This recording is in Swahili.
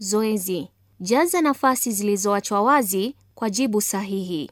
Zoezi: jaza nafasi zilizoachwa wazi kwa jibu sahihi.